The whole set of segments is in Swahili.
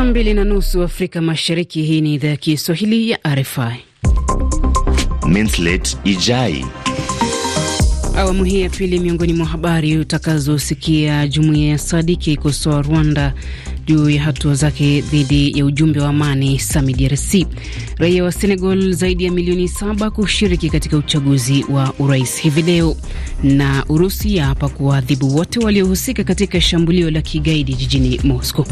Saa mbili na nusu Afrika Mashariki. Hii ni idhaa ya Kiswahili ya RFI. Ijai. Awamu hii ya pili, miongoni mwa habari utakazosikia: jumuiya ya Sadiki ikosoa Rwanda juu ya hatua zake dhidi ya ujumbe wa amani SAMI DRC. Raia wa Senegal zaidi ya milioni saba kushiriki katika uchaguzi wa urais hivi leo, na Urusi yaapa kuwaadhibu wote waliohusika katika shambulio la kigaidi jijini Moscow.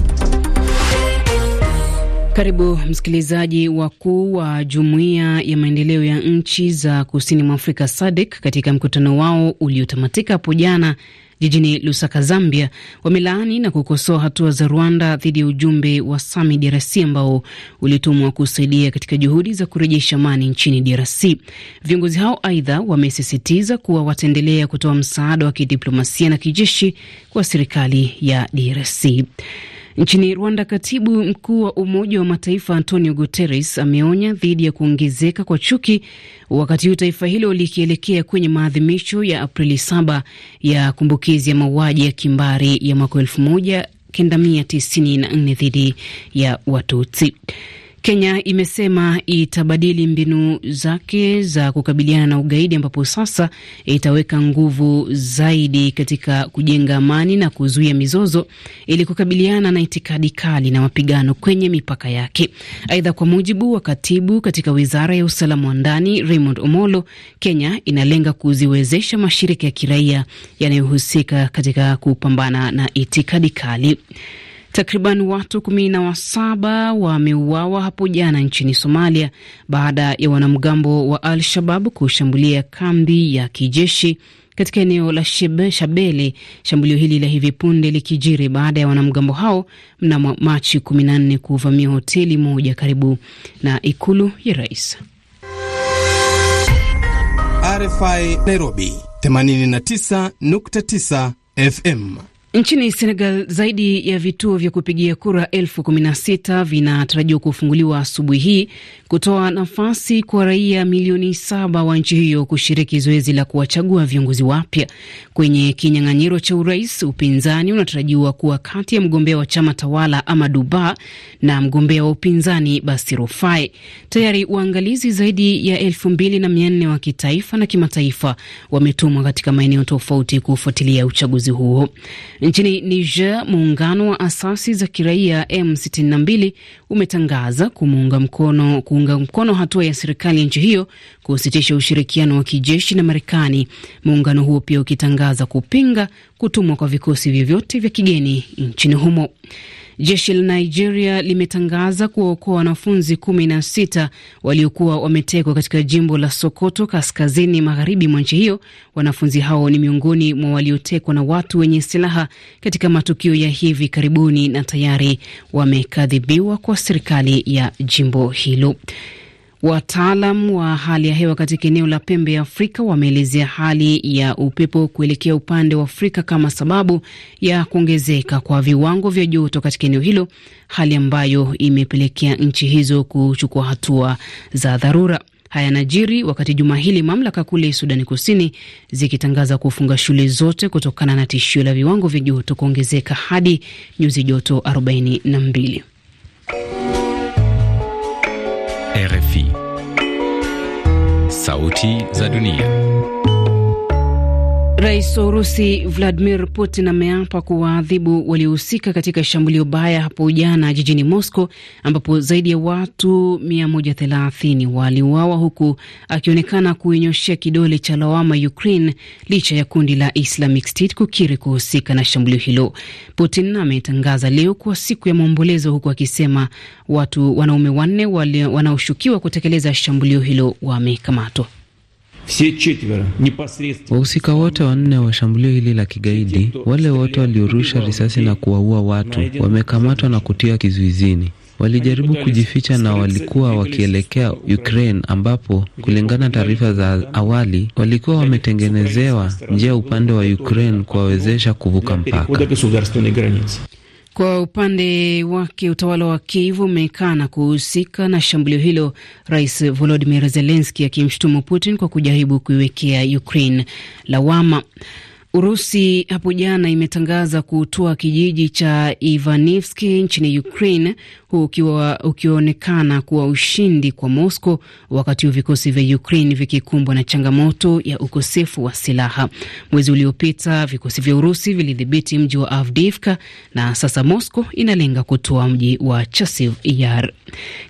Karibu msikilizaji. Wakuu wa jumuiya ya maendeleo ya nchi za kusini mwa Afrika SADC katika mkutano wao uliotamatika hapo jana jijini Lusaka, Zambia, wamelaani na kukosoa hatua za Rwanda dhidi ya ujumbe wa SAMI DRC ambao ulitumwa kusaidia katika juhudi za kurejesha amani nchini DRC. Viongozi hao aidha wamesisitiza kuwa wataendelea kutoa msaada wa kidiplomasia na kijeshi kwa serikali ya DRC. Nchini Rwanda, katibu mkuu wa Umoja wa Mataifa Antonio Guterres ameonya dhidi ya kuongezeka kwa chuki, wakati huu taifa hilo likielekea kwenye maadhimisho ya Aprili saba ya kumbukizi ya mauaji ya kimbari ya mwaka elfu moja kenda mia tisini na nne dhidi ya Watutsi. Kenya imesema itabadili mbinu zake za kukabiliana na ugaidi ambapo sasa itaweka nguvu zaidi katika kujenga amani na kuzuia mizozo ili kukabiliana na itikadi kali na mapigano kwenye mipaka yake. Aidha, kwa mujibu wa katibu katika wizara ya usalama wa ndani Raymond Omolo, Kenya inalenga kuziwezesha mashirika ya kiraia yanayohusika katika kupambana na itikadi kali. Takriban watu kumi na wasaba wameuawa hapo jana nchini Somalia baada ya wanamgambo wa Al Shabab kushambulia kambi ya kijeshi katika eneo la Shabele. Shambulio hili la hivi punde likijiri baada ya wanamgambo hao mnamo Machi 14 kuvamia hoteli moja karibu na ikulu ya rais. RFI Nairobi 89.9 FM. Nchini Senegal, zaidi ya vituo vya kupigia kura elfu kumi na sita vinatarajiwa kufunguliwa asubuhi hii kutoa nafasi kwa raia milioni saba wa nchi hiyo kushiriki zoezi la kuwachagua viongozi wapya. Kwenye kinyang'anyiro cha urais, upinzani unatarajiwa kuwa kati ya mgombea wa chama tawala Amadou Ba na mgombea wa upinzani Bassirou Faye. Tayari waangalizi zaidi ya elfu mbili na mia nne wa kitaifa na kimataifa wametumwa katika maeneo tofauti kufuatilia uchaguzi huo. Nchini Niger, muungano wa asasi za kiraia M62 umetangaza kumuunga mkono, kuunga mkono hatua ya serikali ya nchi hiyo kusitisha ushirikiano wa kijeshi na Marekani, muungano huo pia ukitangaza kupinga kutumwa kwa vikosi vyovyote vya kigeni nchini humo. Jeshi la Nigeria limetangaza kuwaokoa wanafunzi kumi na sita waliokuwa wametekwa katika jimbo la Sokoto, kaskazini magharibi mwa nchi hiyo. Wanafunzi hao ni miongoni mwa waliotekwa na watu wenye silaha katika matukio ya hivi karibuni na tayari wamekadhibiwa kwa serikali ya jimbo hilo. Wataalam wa hali ya hewa katika eneo la pembe ya Afrika wameelezea hali ya upepo kuelekea upande wa Afrika kama sababu ya kuongezeka kwa viwango vya joto katika eneo hilo, hali ambayo imepelekea nchi hizo kuchukua hatua za dharura. Haya najiri wakati juma hili mamlaka kule Sudani Kusini zikitangaza kufunga shule zote kutokana na tishio la viwango vya joto kuongezeka hadi nyuzi joto 42. RFI Sauti za Dunia. Rais wa Urusi Vladimir Putin ameapa kuwaadhibu waliohusika katika shambulio baya hapo jana jijini Moscow, ambapo zaidi ya watu 130 waliuawa, huku akionekana kuinyoshea kidole cha lawama Ukraine licha ya kundi la Islamic State kukiri kuhusika na shambulio hilo. Putin ametangaza leo kuwa siku ya maombolezo, huku akisema watu wanaume wanne wanaoshukiwa kutekeleza shambulio hilo wamekamatwa. Wahusika wote wanne wa shambulio hili la kigaidi, wale wote waliorusha risasi na kuwaua watu, wamekamatwa na kutia kizuizini. Walijaribu kujificha na walikuwa wakielekea Ukraine, ambapo kulingana na taarifa za awali walikuwa wametengenezewa njia upande wa Ukraine kuwawezesha kuvuka mpaka. Kwa upande wake utawala wa Kiev umekana kuhusika na shambulio hilo, Rais volodimir zelenski akimshutumu Putin kwa kujaribu kuiwekea Ukraine lawama. Urusi hapo jana imetangaza kutoa kijiji cha Ivanivski nchini Ukraine, huu ukionekana kuwa ushindi kwa Moscow, wakati huu vikosi vya Ukraine vikikumbwa na changamoto ya ukosefu wa silaha. Mwezi uliopita vikosi vya Urusi vilidhibiti mji wa Avdiivka na sasa Moscow inalenga kutoa mji wa Chasiv Yar.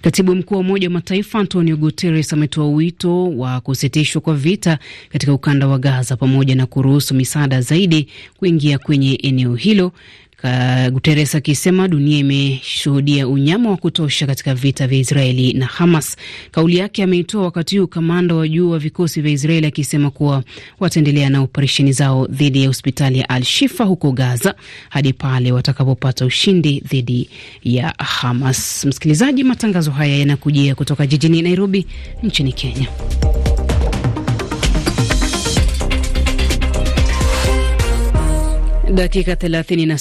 Katibu mkuu wa Umoja wa Mataifa Antonio Guterres ametoa wito wa kusitishwa kwa vita katika ukanda wa Gaza pamoja na kuruhusu misaada misaada zaidi kuingia kwenye eneo hilo. Guteres akisema dunia imeshuhudia unyama wa kutosha katika vita vya Israeli na Hamas. Kauli yake ameitoa wakati huu kamanda wa juu wa vikosi vya Israeli akisema kuwa wataendelea na operesheni zao dhidi ya hospitali ya Al Shifa huko Gaza hadi pale watakapopata ushindi dhidi ya Hamas. Msikilizaji, matangazo haya yanakujia kutoka jijini Nairobi nchini Kenya. Dakika 36.